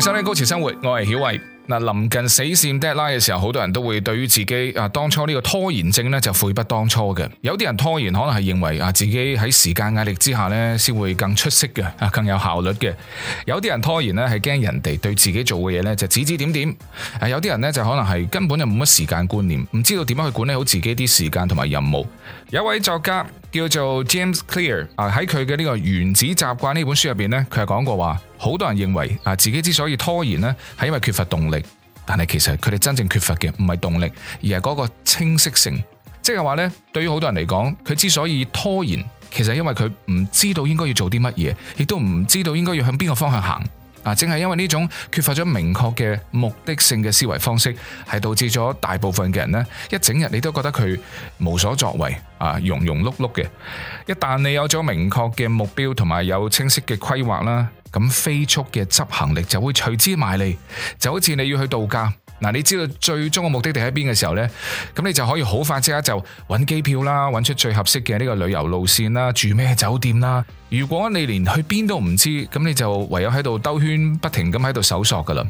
收聽高潮生活，我係曉慧嗱。臨近死線 deadline 嘅時候，好多人都會對於自己啊，當初呢個拖延症咧就悔不當初嘅。有啲人拖延可能係認為啊，自己喺時間壓力之下咧，先會更出色嘅啊，更有效率嘅。有啲人拖延咧係驚人哋對自己做嘅嘢，咧就指指點點。誒，有啲人咧就可能係根本就冇乜時間觀念，唔知道點樣去管理好自己啲時間同埋任務。有位作家，叫做 James Clear 啊，喺佢嘅呢個原子習慣呢本書入邊呢，佢係講過話，好多人認為啊，自己之所以拖延呢，係因為缺乏動力，但係其實佢哋真正缺乏嘅唔係動力，而係嗰個清晰性，即係話呢，對於好多人嚟講，佢之所以拖延，其實因為佢唔知道應該要做啲乜嘢，亦都唔知道應該要向邊個方向行。嗱，正係因為呢種缺乏咗明確嘅目的性嘅思維方式，係導致咗大部分嘅人呢，一整日你都覺得佢無所作為，啊，庸庸碌碌嘅。一旦你有咗明確嘅目標同埋有清晰嘅規劃啦，咁飛速嘅執行力就會隨之埋嚟，就好似你要去度假。嗱，你知道最終嘅目的地喺邊嘅時候呢，咁你就可以好快即刻就揾機票啦，揾出最合適嘅呢個旅遊路線啦，住咩酒店啦。如果你連去邊都唔知，咁你就唯有喺度兜圈，不停咁喺度搜索噶啦。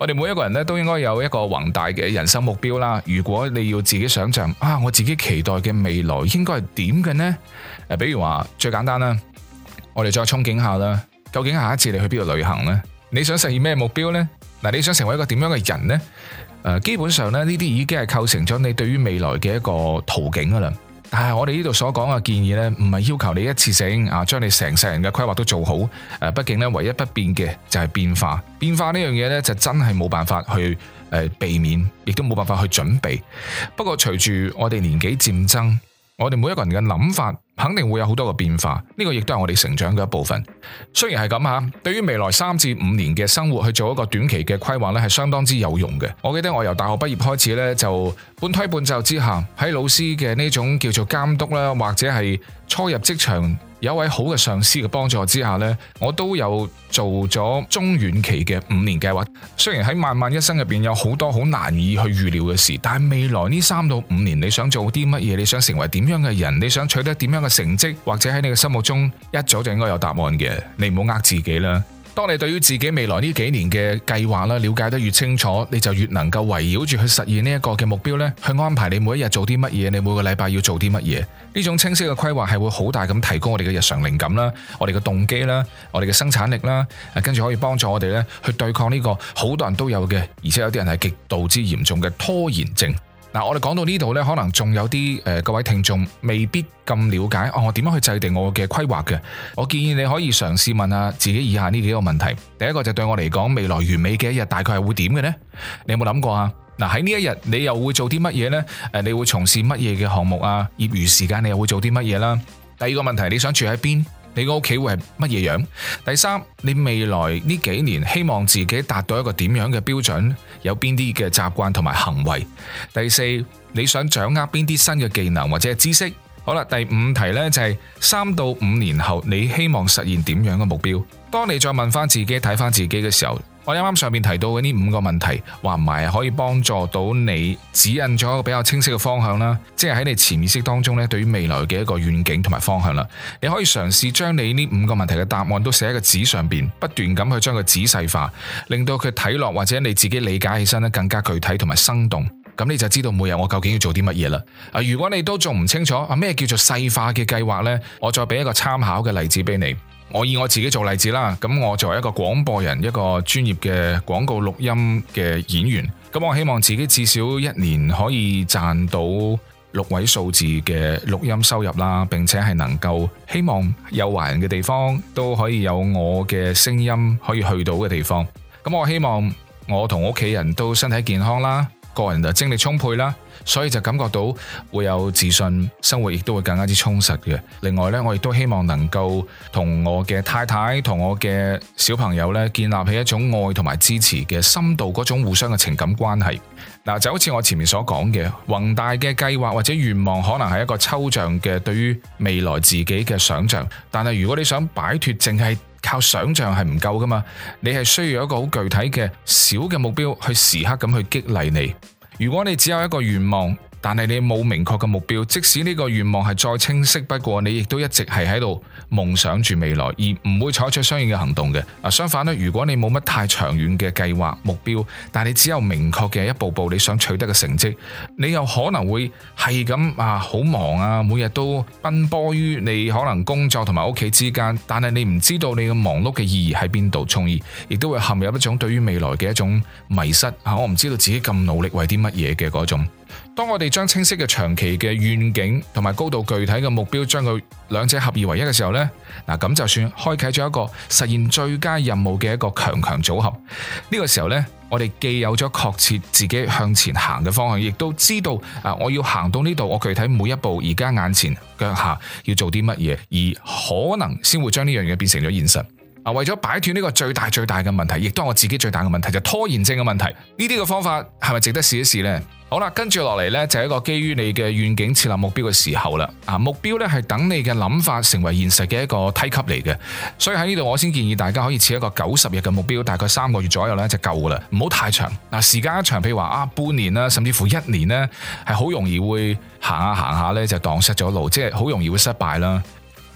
我哋每一個人呢，都應該有一個宏大嘅人生目標啦。如果你要自己想象啊，我自己期待嘅未來應該係點嘅呢？比如話最簡單啦，我哋再憧憬下啦。究竟下一次你去邊度旅行呢？你想實現咩目標呢？嗱，你想成為一個點樣嘅人呢？誒、呃，基本上咧，呢啲已經係構成咗你對於未來嘅一個途徑噶啦。但係我哋呢度所講嘅建議呢，唔係要求你一次性啊，將你成世人嘅規劃都做好。誒、啊，畢竟呢，唯一不變嘅就係變化。變化呢樣嘢呢，就真係冇辦法去誒、呃、避免，亦都冇辦法去準備。不過隨住我哋年紀漸增，我哋每一個人嘅諗法。肯定會有好多個變化，呢個亦都係我哋成長嘅一部分。雖然係咁吓，對於未來三至五年嘅生活去做一個短期嘅規劃咧，係相當之有用嘅。我記得我由大學畢業開始咧，就半推半就之下喺老師嘅呢種叫做監督啦，或者係初入職場，有位好嘅上司嘅幫助之下呢，我都有做咗中遠期嘅五年計劃。雖然喺漫漫一生入邊有好多好難以去預料嘅事，但係未來呢三到五年你想做啲乜嘢？你想成為點樣嘅人？你想取得點樣嘅成績？或者喺你嘅心目中一早就應該有答案嘅，你唔好呃自己啦。當你對於自己未來呢幾年嘅計劃啦，瞭解得越清楚，你就越能夠圍繞住去實現呢一個嘅目標呢，去安排你每一日做啲乜嘢，你每個禮拜要做啲乜嘢。呢種清晰嘅規劃係會好大咁提高我哋嘅日常靈感啦，我哋嘅動機啦，我哋嘅生產力啦，跟住可以幫助我哋咧去對抗呢個好多人都有嘅，而且有啲人係極度之嚴重嘅拖延症。嗱、嗯，我哋講到呢度呢，可能仲有啲誒、呃、各位聽眾未必咁了解，哦，我點樣去制定我嘅規劃嘅？我建議你可以嘗試問下自己以下呢幾個問題。第一個就對我嚟講，未來完美嘅一日大概係會點嘅呢？你有冇諗過啊？喺呢一日你又會做啲乜嘢呢？誒，你會從事乜嘢嘅項目啊？業餘時間你又會做啲乜嘢啦？第二個問題，你想住喺邊？你個屋企會係乜嘢樣？第三，你未來呢幾年希望自己達到一個點樣嘅標準？有邊啲嘅習慣同埋行為？第四，你想掌握邊啲新嘅技能或者知識？好啦，第五題呢就係三到五年後你希望實現點樣嘅目標？當你再問翻自己睇翻自己嘅時候。我啱啱上面提到嘅呢五個問題，話唔埋係可以幫助到你指引咗一個比較清晰嘅方向啦，即係喺你潛意識當中咧，對於未來嘅一個願景同埋方向啦。你可以嘗試將你呢五個問題嘅答案都寫喺個紙上邊，不斷咁去將佢仔細化，令到佢睇落或者你自己理解起身咧更加具體同埋生動。咁你就知道每日我究竟要做啲乜嘢啦。啊，如果你都仲唔清楚，咩叫做細化嘅計劃呢？我再俾一個參考嘅例子俾你。我以我自己做例子啦，咁我作為一個廣播人，一個專業嘅廣告錄音嘅演員，咁我希望自己至少一年可以賺到六位數字嘅錄音收入啦，並且係能夠希望有華人嘅地方都可以有我嘅聲音可以去到嘅地方，咁我希望我同屋企人都身體健康啦。個人就精力充沛啦，所以就感覺到會有自信，生活亦都會更加之充實嘅。另外呢，我亦都希望能夠同我嘅太太、同我嘅小朋友呢，建立起一種愛同埋支持嘅深度嗰種互相嘅情感關係。嗱，就好似我前面所講嘅，宏大嘅計劃或者願望，可能係一個抽象嘅，對於未來自己嘅想象。但係如果你想擺脫，淨係靠想象係唔夠噶嘛？你係需要一個好具體嘅小嘅目標，去時刻咁去激勵你。如果你只有一個願望。但係你冇明確嘅目標，即使呢個願望係再清晰不過，你亦都一直係喺度夢想住未來，而唔會採取相應嘅行動嘅。啊，相反咧，如果你冇乜太長遠嘅計劃目標，但你只有明確嘅一步步你想取得嘅成績，你又可能會係咁啊，好忙啊，每日都奔波於你可能工作同埋屋企之間，但係你唔知道你嘅忙碌嘅意義喺邊度，從而亦都會陷入一種對於未來嘅一種迷失吓，啊，我唔知道自己咁努力為啲乜嘢嘅嗰種。當我哋將清晰嘅長期嘅願景同埋高度具體嘅目標，將佢兩者合二為一嘅時候呢，嗱，咁就算開啟咗一個實現最佳任務嘅一個強強組合。呢個時候呢，我哋既有咗確切自己向前行嘅方向，亦都知道啊，我要行到呢度，我具體每一步而家眼前腳下要做啲乜嘢，而可能先會將呢樣嘢變成咗現實。為咗擺脫呢個最大最大嘅問題，亦都係我自己最大嘅問題，就是、拖延症嘅問題。呢啲嘅方法係咪值得試一試呢？好啦，跟住落嚟呢，就係一個基於你嘅願景設立目標嘅時候啦。啊，目標呢，係等你嘅諗法成為現實嘅一個梯級嚟嘅，所以喺呢度我先建議大家可以設一個九十日嘅目標，大概三個月左右呢，就夠噶啦，唔好太長。嗱，時間一長，譬如話啊半年啦，甚至乎一年呢，係好容易會行下行下呢，就盪失咗路，即係好容易會失敗啦。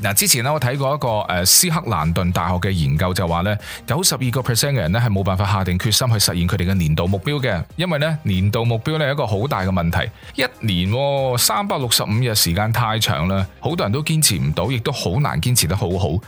嗱，之前咧我睇過一個誒斯克蘭頓大學嘅研究就話咧，九十二個 percent 嘅人咧係冇辦法下定決心去實現佢哋嘅年度目標嘅，因為咧年度目標咧係一個好大嘅問題，一年三百六十五日時間太長啦，好多人都堅持唔到，亦都好難堅持得好好，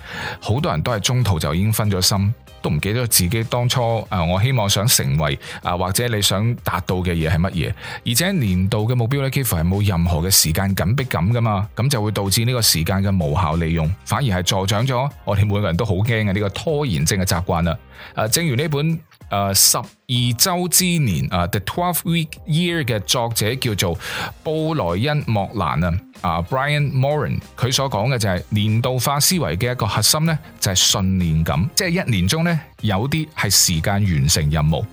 好多人都係中途就已經分咗心。都唔記得自己當初誒、呃，我希望想成為啊、呃，或者你想達到嘅嘢係乜嘢？而且年度嘅目標咧，幾乎係冇任何嘅時間緊迫感噶嘛，咁就會導致呢個時間嘅無效利用，反而係助長咗我哋每個人都好驚嘅呢個拖延症嘅習慣啦。誒、呃，正如呢本。誒，十二週之年，誒、uh, The Twelve Week Year 嘅作者叫做布萊恩莫蘭啊，啊、uh, Brian Moran，佢所講嘅就係年度化思維嘅一個核心咧，就係信念感，即、就、係、是、一年中咧有啲係時間完成任務。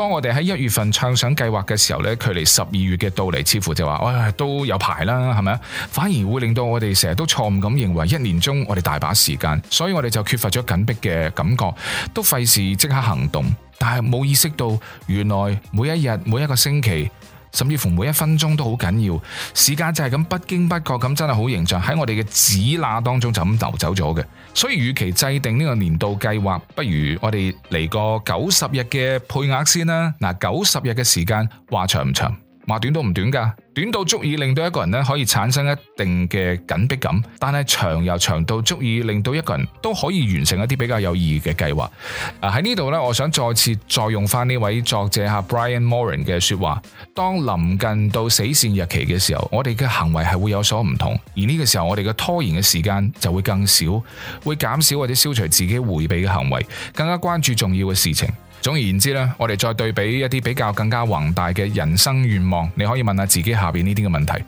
當我哋喺一月份暢想計劃嘅時候咧，距離十二月嘅到嚟，似乎就話，哎，都有排啦，係咪啊？反而會令到我哋成日都錯誤咁認為一年中我哋大把時間，所以我哋就缺乏咗緊迫嘅感覺，都費事即刻行動，但係冇意識到，原來每一日每一個星期。甚至乎每一分鐘都好緊要，時間就係咁不經不覺咁，真係好形象喺我哋嘅指罅當中就咁流走咗嘅。所以，與其制定呢個年度計劃，不如我哋嚟個九十日嘅配額先啦。嗱，九十日嘅時間，話長唔長？話短都唔短噶，短到足以令到一個人咧可以產生一定嘅緊迫感，但係長又長到足以令到一個人都可以完成一啲比較有意義嘅計劃。啊，喺呢度咧，我想再次再用翻呢位作者哈 Brian Moran 嘅說話：當臨近到死線日期嘅時候，我哋嘅行為係會有所唔同，而呢個時候我哋嘅拖延嘅時間就會更少，會減少或者消除自己回避嘅行為，更加關注重要嘅事情。總而言之咧，我哋再對比一啲比較更加宏大嘅人生願望，你可以問下自己下邊呢啲嘅問題：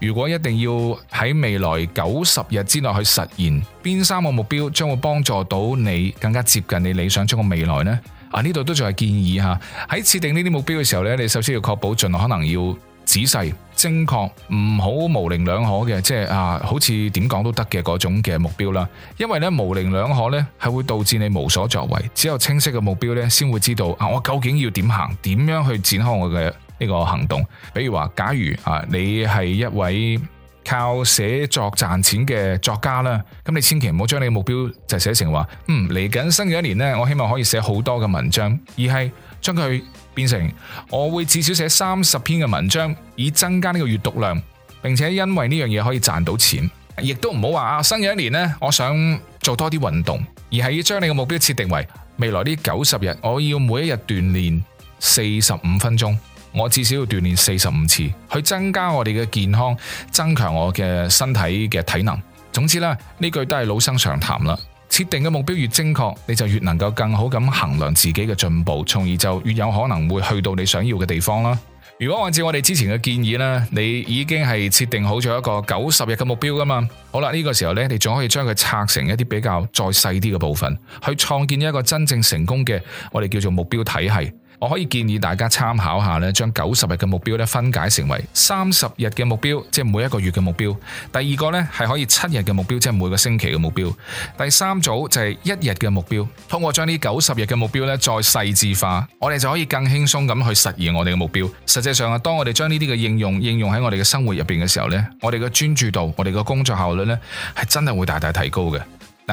如果一定要喺未來九十日之內去實現，邊三個目標將會幫助到你更加接近你理想中嘅未來呢？啊，呢度都仲係建議吓，喺設定呢啲目標嘅時候咧，你首先要確保盡可能要仔細。精確，唔好模棱兩可嘅，即係啊，好似點講都得嘅嗰種嘅目標啦。因為咧模棱兩可咧，係會導致你無所作為。只有清晰嘅目標咧，先會知道啊，我究竟要點行，點樣去展開我嘅呢個行動。比如話，假如啊，你係一位靠寫作賺錢嘅作家啦，咁你千祈唔好將你嘅目標就寫成話，嗯，嚟緊新嘅一年呢，我希望可以寫好多嘅文章，而係將佢。變成我會至少寫三十篇嘅文章，以增加呢個閱讀量，並且因為呢樣嘢可以賺到錢，亦都唔好話啊，新嘅一年呢，我想做多啲運動，而係要將你嘅目標設定為未來呢九十日，我要每一日鍛煉四十五分鐘，我至少要鍛煉四十五次，去增加我哋嘅健康，增強我嘅身體嘅體能。總之啦，呢句都係老生常談啦。設定嘅目標越精確，你就越能夠更好咁衡量自己嘅進步，從而就越有可能會去到你想要嘅地方啦。如果按照我哋之前嘅建議咧，你已經係設定好咗一個九十日嘅目標噶嘛，好啦，呢個時候呢，你仲可以將佢拆成一啲比較再細啲嘅部分，去創建一個真正成功嘅我哋叫做目標體系。我可以建議大家參考下咧，將九十日嘅目標咧分解成為三十日嘅目標，即係每一個月嘅目標。第二個咧係可以七日嘅目標，即係每個星期嘅目標。第三組就係一日嘅目標。通過將呢九十日嘅目標咧再細緻化，我哋就可以更輕鬆咁去實現我哋嘅目標。實際上啊，當我哋將呢啲嘅應用應用喺我哋嘅生活入邊嘅時候呢，我哋嘅專注度、我哋嘅工作效率呢，係真係會大大提高嘅。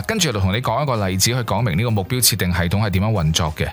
跟住就同你講一個例子，去講明呢個目標設定系統係點樣運作嘅。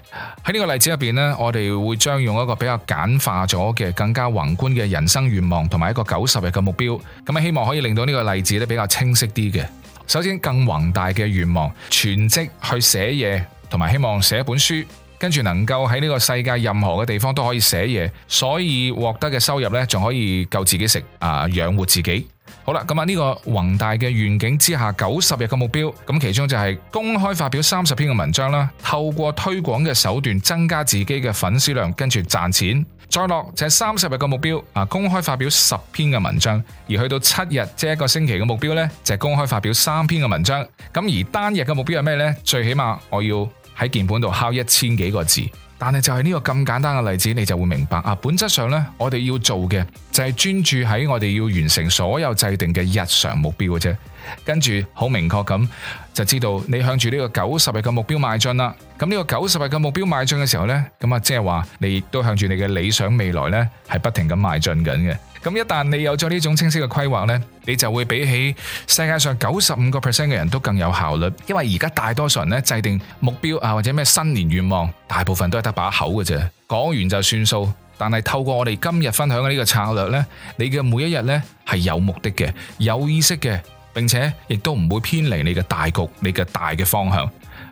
喺呢個例子入邊呢，我哋會將用一個比較簡化咗嘅、更加宏觀嘅人生願望同埋一個九十日嘅目標，咁啊希望可以令到呢個例子咧比較清晰啲嘅。首先，更宏大嘅願望，全職去寫嘢，同埋希望寫一本書，跟住能夠喺呢個世界任何嘅地方都可以寫嘢，所以獲得嘅收入呢，仲可以夠自己食啊，呃、養活自己。好啦，咁啊呢個宏大嘅願景之下，九十日嘅目標，咁其中就係公開發表三十篇嘅文章啦，透過推廣嘅手段增加自己嘅粉絲量，跟住賺錢。再落就係三十日嘅目標，啊公開發表十篇嘅文章，而去到七日即係一個星期嘅目標呢，就係公開發表三篇嘅文章。咁而單日嘅目標係咩呢？最起碼我要喺鍵盤度敲一千幾個字。但係就係呢個咁簡單嘅例子，你就會明白啊。本質上咧，我哋要做嘅就係專注喺我哋要完成所有制定嘅日常目標嘅啫。跟住好明確咁，就知道你向住呢個九十日嘅目標邁進啦。咁呢個九十日嘅目標邁進嘅時候呢，咁啊即係話，你亦都向住你嘅理想未來呢係不停咁邁進緊嘅。咁一旦你有咗呢種清晰嘅規劃呢，你就會比起世界上九十五個 percent 嘅人都更有效率。因為而家大多數人呢，制定目標啊或者咩新年願望，大部分都係得把口嘅啫，講完就算數。但係透過我哋今日分享嘅呢個策略呢，你嘅每一日呢係有目的嘅，有意識嘅。並且亦都唔會偏離你嘅大局，你嘅大嘅方向，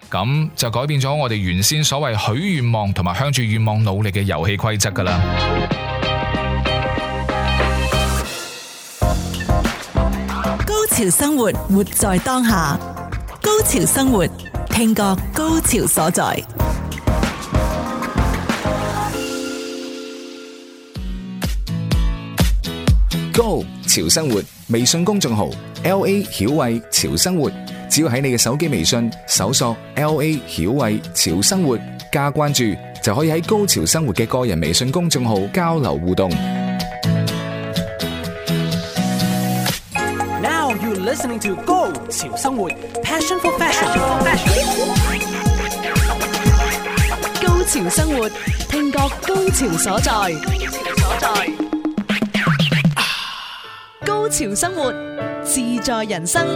咁就改變咗我哋原先所謂許願望同埋向住願望努力嘅遊戲規則㗎喇。高潮生活，活在當下；高潮生活，聽覺高潮所在。高潮生活。微信公眾號 LA 曉慧潮生活，只要喺你嘅手機微信搜索 LA 曉慧潮生活加關注，就可以喺高潮生活嘅個人微信公眾號交流互動。Now you're listening to 高潮生活，Passion for fashion。高潮生活，聽覺高潮所在。高潮生活，自在人生。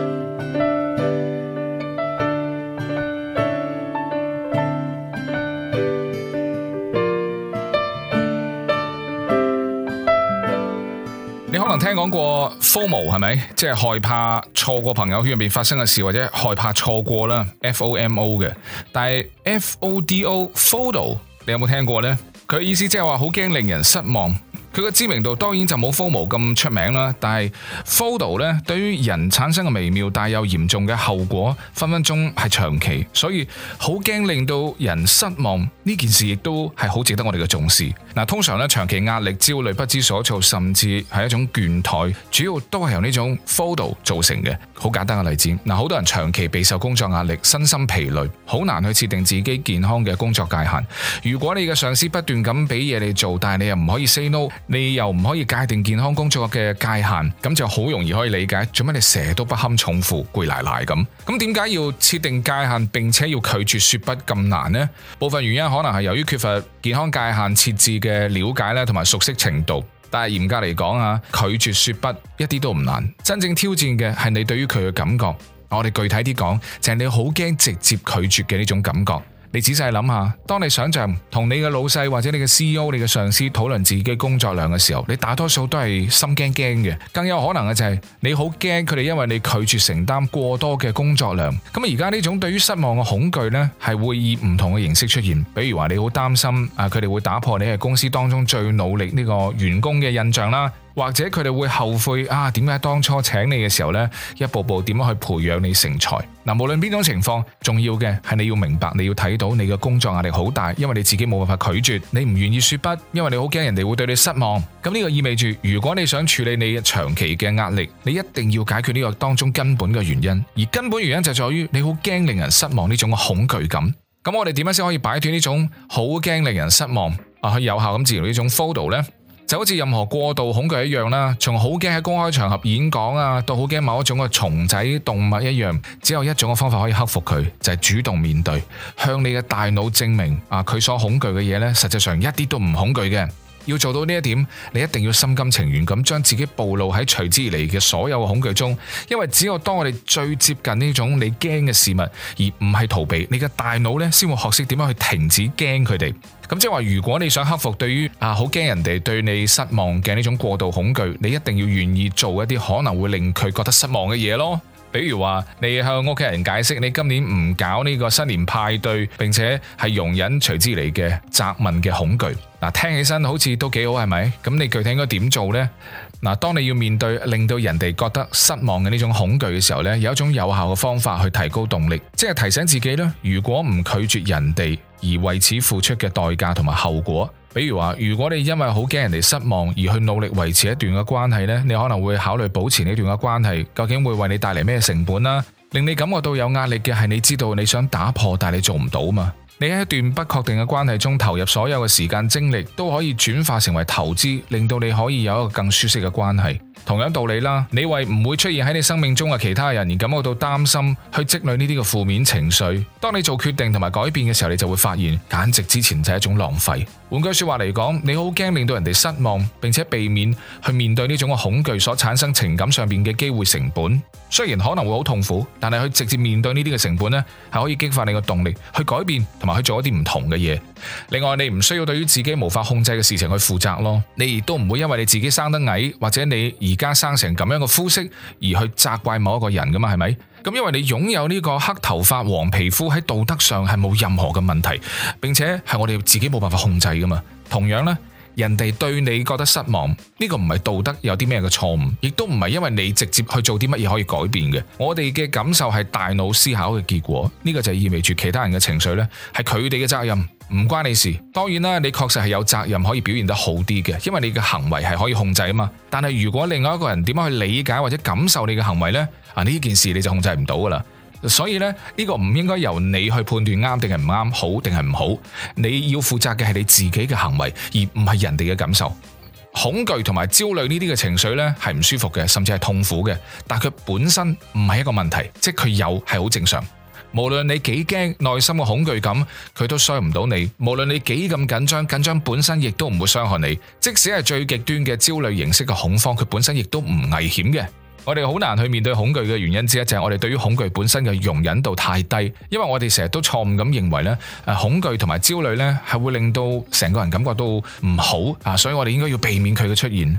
你可能聽講過 FOMO 係咪？即係害怕錯過朋友圈入邊發生嘅事，或者害怕錯過啦。FOMO 嘅，但係 FODO、FODO 你有冇聽過呢？佢意思即係話好驚令人失望。佢嘅知名度當然就冇 FOMO 咁出名啦，但係 FOMO 呢，對於人產生嘅微妙但又嚴重嘅後果，分分鐘係長期，所以好驚令到人失望。呢件事亦都係好值得我哋嘅重視。嗱，通常呢長期壓力、焦慮、不知所措，甚至係一種倦怠，主要都係由呢種 FOMO 造成嘅。好簡單嘅例子，嗱，好多人長期備受工作壓力，身心疲累，好難去設定自己健康嘅工作界限。如果你嘅上司不斷咁俾嘢你做，但係你又唔可以 say no。你又唔可以界定健康工作嘅界限，咁就好容易可以理解，做乜你成日都不堪重負、攰奶奶咁？咁點解要設定界限，並且要拒絕說不咁難呢？部分原因可能係由於缺乏健康界限設置嘅了解咧，同埋熟悉程度。但係嚴格嚟講啊，拒絕說不一啲都唔難。真正挑戰嘅係你對於佢嘅感覺。我哋具體啲講，就係、是、你好驚直接拒絕嘅呢種感覺。你仔細諗下，當你想象同你嘅老細或者你嘅 CEO、你嘅上司討論自己工作量嘅時候，你大多數都係心驚驚嘅，更有可能嘅就係、是、你好驚佢哋因為你拒絕承擔過多嘅工作量。咁而家呢種對於失望嘅恐懼呢，係會以唔同嘅形式出現，比如話你好擔心啊，佢哋會打破你係公司當中最努力呢個員工嘅印象啦。或者佢哋會後悔啊，點解當初請你嘅時候呢一步步點樣去培養你成才？嗱、啊，無論邊種情況，重要嘅係你要明白，你要睇到你嘅工作壓力好大，因為你自己冇辦法拒絕，你唔願意說不，因為你好驚人哋會對你失望。咁、嗯、呢、呢個意味住，如果你想處理你嘅長期嘅壓力，你一定要解決呢個當中根本嘅原因。而根本原因就在於你好驚令人失望呢種恐懼感。咁、嗯、我哋點樣先可以擺脫呢種好驚令人失望啊？可以有效咁治療呢種 fear 呢？就好似任何過度恐懼一樣啦，從好驚喺公開場合演講啊，到好驚某一種嘅蟲仔動物一樣，只有一種嘅方法可以克服佢，就係主動面對，向你嘅大腦證明啊，佢所恐懼嘅嘢呢，實際上一啲都唔恐懼嘅。要做到呢一點，你一定要心甘情願咁將自己暴露喺隨之而嚟嘅所有恐懼中，因為只有當我哋最接近呢種你驚嘅事物，而唔係逃避，你嘅大腦呢先會學識點樣去停止驚佢哋。咁即係話，如果你想克服對於啊好驚人哋對你失望嘅呢種過度恐懼，你一定要願意做一啲可能會令佢覺得失望嘅嘢咯。比如話，你向屋企人解釋你今年唔搞呢個新年派對，並且係容忍隨之嚟嘅責問嘅恐懼。嗱，聽起身好似都幾好，係咪？咁你具體應該點做呢？嗱，當你要面對令到人哋覺得失望嘅呢種恐懼嘅時候呢，有一種有效嘅方法去提高動力，即係提醒自己咧，如果唔拒絕人哋。而為此付出嘅代價同埋後果，比如話，如果你因為好驚人哋失望而去努力維持一段嘅關係，呢你可能會考慮保持呢段嘅關係，究竟會為你帶嚟咩成本啦？令你感覺到有壓力嘅係，你知道你想打破，但係你做唔到嘛？你喺一段不確定嘅關係中投入所有嘅時間精力，都可以轉化成為投資，令到你可以有一個更舒適嘅關係。同樣道理啦，你為唔會出現喺你生命中嘅其他人而感覺到擔心，去積累呢啲嘅負面情緒。當你做決定同埋改變嘅時候，你就會發現，簡直之前就係一種浪費。換句說話嚟講，你好驚令到人哋失望，並且避免去面對呢種嘅恐懼所產生情感上面嘅機會成本。雖然可能會好痛苦，但係去直接面對呢啲嘅成本呢係可以激發你嘅動力去改變同埋去做一啲唔同嘅嘢。另外，你唔需要對於自己無法控制嘅事情去負責咯，你亦都唔會因為你自己生得矮或者你而而家生成咁樣嘅膚色，而去責怪某一個人噶嘛，係咪？咁因為你擁有呢個黑頭髮、黃皮膚，喺道德上係冇任何嘅問題，並且係我哋自己冇辦法控制噶嘛。同樣呢，人哋對你覺得失望，呢個唔係道德有啲咩嘅錯誤，亦都唔係因為你直接去做啲乜嘢可以改變嘅。我哋嘅感受係大腦思考嘅結果，呢個就意味住其他人嘅情緒呢，係佢哋嘅責任。唔關你事，當然啦，你確實係有責任可以表現得好啲嘅，因為你嘅行為係可以控制啊嘛。但係如果另外一個人點樣去理解或者感受你嘅行為呢？啊呢件事你就控制唔到噶啦。所以呢，呢個唔應該由你去判斷啱定係唔啱，好定係唔好。你要負責嘅係你自己嘅行為，而唔係人哋嘅感受。恐懼同埋焦慮呢啲嘅情緒呢，係唔舒服嘅，甚至係痛苦嘅，但佢本身唔係一個問題，即係佢有係好正常。無論你幾驚，內心嘅恐懼感，佢都傷唔到你；無論你幾咁緊張，緊張本身亦都唔會傷害你。即使係最極端嘅焦慮形式嘅恐慌，佢本身亦都唔危險嘅。我哋好難去面對恐懼嘅原因之一，就係我哋對於恐懼本身嘅容忍度太低。因為我哋成日都錯誤咁認為呢，恐懼同埋焦慮呢係會令到成個人感覺到唔好啊，所以我哋應該要避免佢嘅出現。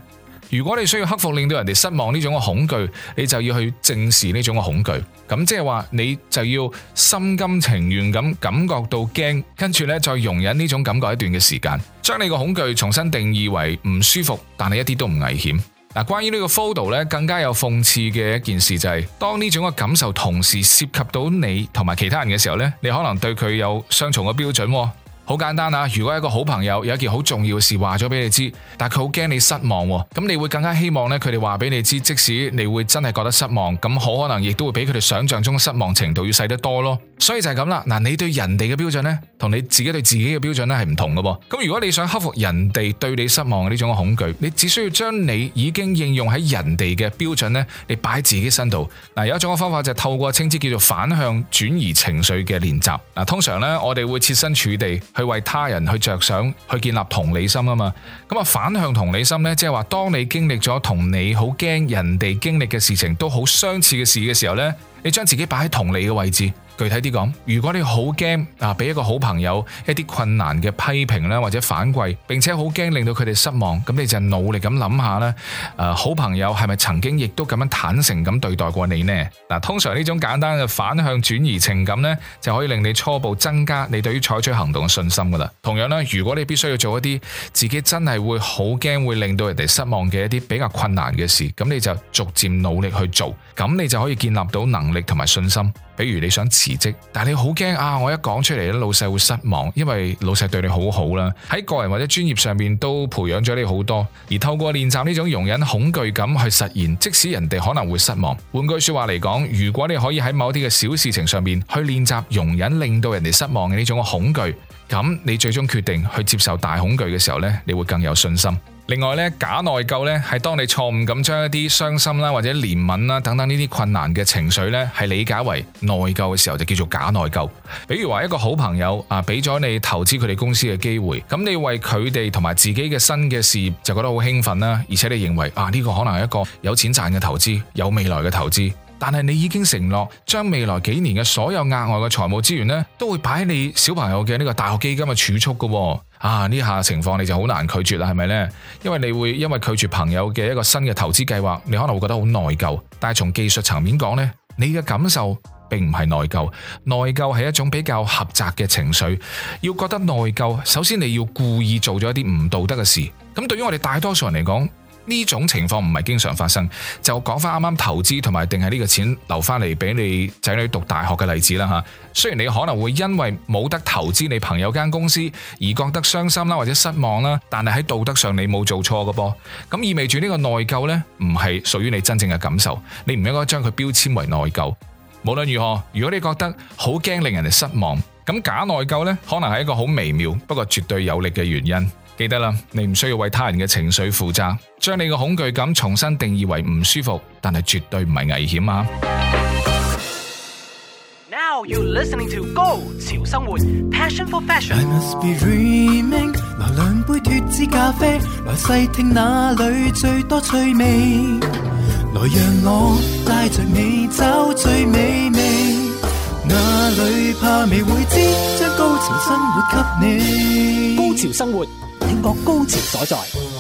如果你需要克服令到人哋失望呢種嘅恐懼，你就要去正視呢種嘅恐懼。咁即係話，你就要心甘情願咁感覺到驚，跟住呢再容忍呢種感覺一段嘅時間，將你個恐懼重新定義為唔舒服，但係一啲都唔危險。嗱，關於呢個 photo 咧，更加有諷刺嘅一件事就係，當呢種嘅感受同時涉及到你同埋其他人嘅時候呢，你可能對佢有雙重嘅標準。好簡單啊！如果一個好朋友有一件好重要嘅事話咗俾你知，但係佢好驚你失望喎，咁你會更加希望咧佢哋話俾你知，即使你會真係覺得失望，咁可能亦都會比佢哋想象中失望程度要細得多咯。所以就係咁啦。嗱，你對人哋嘅標準咧，同你自己對自己嘅標準咧係唔同嘅。咁如果你想克服人哋對你失望嘅呢種嘅恐懼，你只需要將你已經應用喺人哋嘅標準咧，你擺喺自己身度嗱。有一種嘅方法就係透過稱之叫做反向轉移情緒嘅練習嗱。通常咧，我哋會設身處地。去為他人去着想，去建立同理心啊嘛！咁啊反向同理心呢，即係話當你經歷咗同你好驚人哋經歷嘅事情都好相似嘅事嘅時候呢，你將自己擺喺同理嘅位置。具體啲講，如果你好驚啊，俾一個好朋友一啲困難嘅批評啦，或者反饋，並且好驚令到佢哋失望，咁你就努力咁諗下啦。誒、啊，好朋友係咪曾經亦都咁樣坦誠咁對待過你呢？嗱、啊，通常呢種簡單嘅反向轉移情感呢，就可以令你初步增加你對於採取行動嘅信心噶啦。同樣啦，如果你必須要做一啲自己真係會好驚會令到人哋失望嘅一啲比較困難嘅事，咁你就逐漸努力去做，咁你就可以建立到能力同埋信心。比如你想辭職，但係你好驚啊！我一講出嚟，咧，老細會失望，因為老細對你好好啦，喺個人或者專業上面都培養咗你好多。而透過練習呢種容忍恐懼感去實現，即使人哋可能會失望。換句說話嚟講，如果你可以喺某啲嘅小事情上面去練習容忍，令到人哋失望嘅呢種恐懼，咁你最終決定去接受大恐懼嘅時候呢，你會更有信心。另外咧，假內疚咧，係當你錯誤咁將一啲傷心啦，或者憐憫啦等等呢啲困難嘅情緒咧，係理解為內疚嘅時候，就叫做假內疚。比如話一個好朋友啊，俾咗你投資佢哋公司嘅機會，咁你為佢哋同埋自己嘅新嘅事業就覺得好興奮啦，而且你認為啊，呢個可能係一個有錢賺嘅投資，有未來嘅投資。但係你已經承諾，將未來幾年嘅所有額外嘅財務資源咧，都會擺喺你小朋友嘅呢個大學基金嘅儲蓄噶喎。啊，呢下情況你就好難拒絕啦，係咪呢？因為你會因為拒絕朋友嘅一個新嘅投資計劃，你可能會覺得好內疚。但係從技術層面講呢，你嘅感受並唔係內疚，內疚係一種比較狹窄嘅情緒。要覺得內疚，首先你要故意做咗一啲唔道德嘅事。咁對於我哋大多數人嚟講，呢種情況唔係經常發生，就講翻啱啱投資同埋定係呢個錢留翻嚟俾你仔女讀大學嘅例子啦吓，雖然你可能會因為冇得投資你朋友間公司而覺得傷心啦或者失望啦，但係喺道德上你冇做錯嘅噃。咁意味住呢個內疚呢，唔係屬於你真正嘅感受，你唔應該將佢標籤為內疚。無論如何，如果你覺得好驚令人哋失望，咁假內疚呢，可能係一個好微妙不過絕對有力嘅原因。記得啦，你唔需要為他人嘅情緒負責，將你個恐懼感重新定義為唔舒服，但係絕對唔係危險啊！Now you listening to go，潮生活，passion for fashion，I must be dreaming。來兩杯脫脂咖啡，來細聽哪裏最多趣味，來讓我帶著你找最美味。哪裏怕未會知，將高，高潮生活，給你高潮生活，聽覺高潮所在。